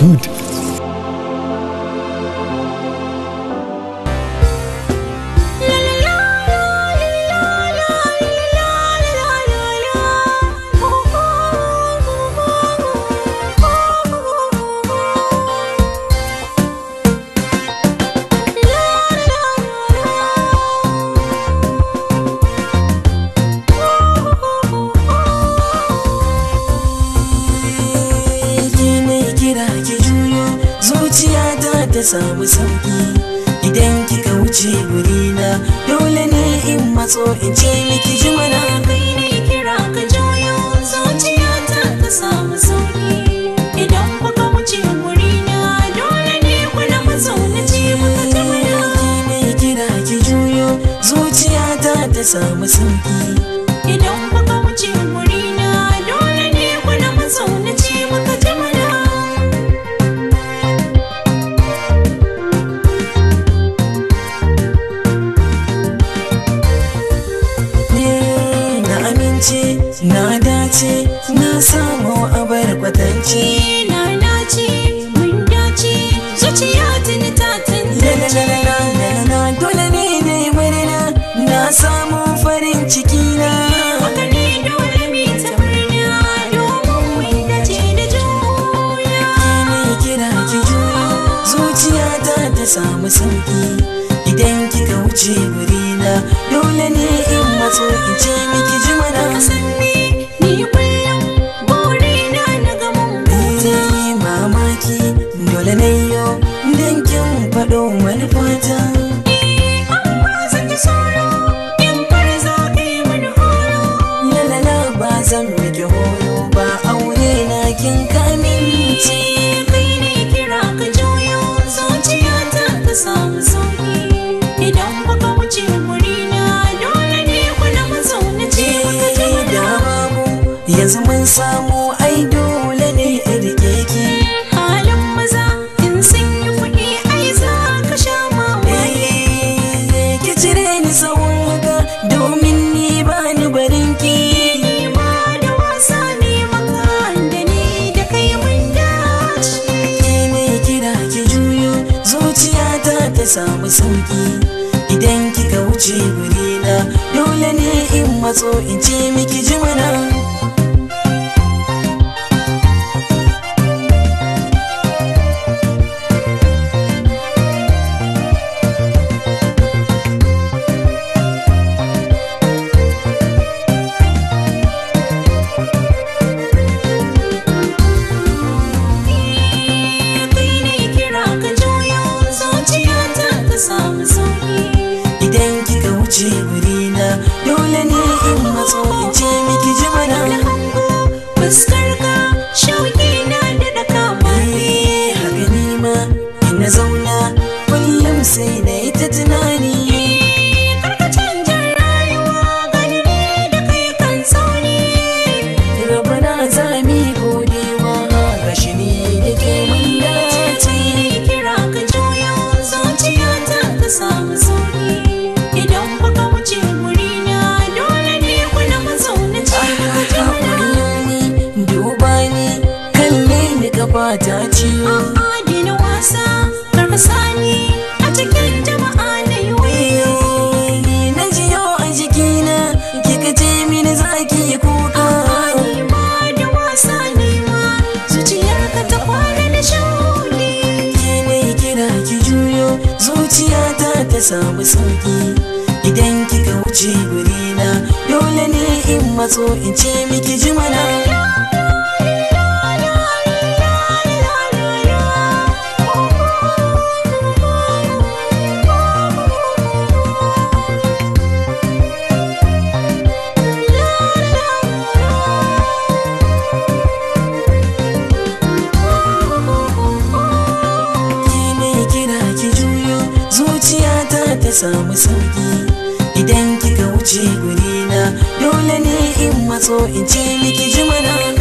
good ta samu sauki idan kika wuce wurina dole ne in matso in ce miki ji mana kai ne kira ka juyo zuciya ta samu sauki idan kuka wuce wurina dole ne kuna matso na ce maka ta mana kai ne kira ki juyo zuciyata ta samu sauki idan samu sauki idan kika wuce na dole ne in mato in ce miki yanzu mun samu ai dole ne rike ki halin maza in sun yi kuɗi ai za ka sha mamaye eh, ki cire ni tsawon haka domin ni ba ni barin ki ba da wasa ne maka da ni da kai mun dace ki ne kira ki juyo zuciyata ta samu sauki idan kika wuce wurina, dole ne in matso in ce miki jimina samu sauki idan kika wuce gurina dole ne in matso in ce miki jimana samu sauki idan kika wuce gurina dole ne in matso in ce miki jimana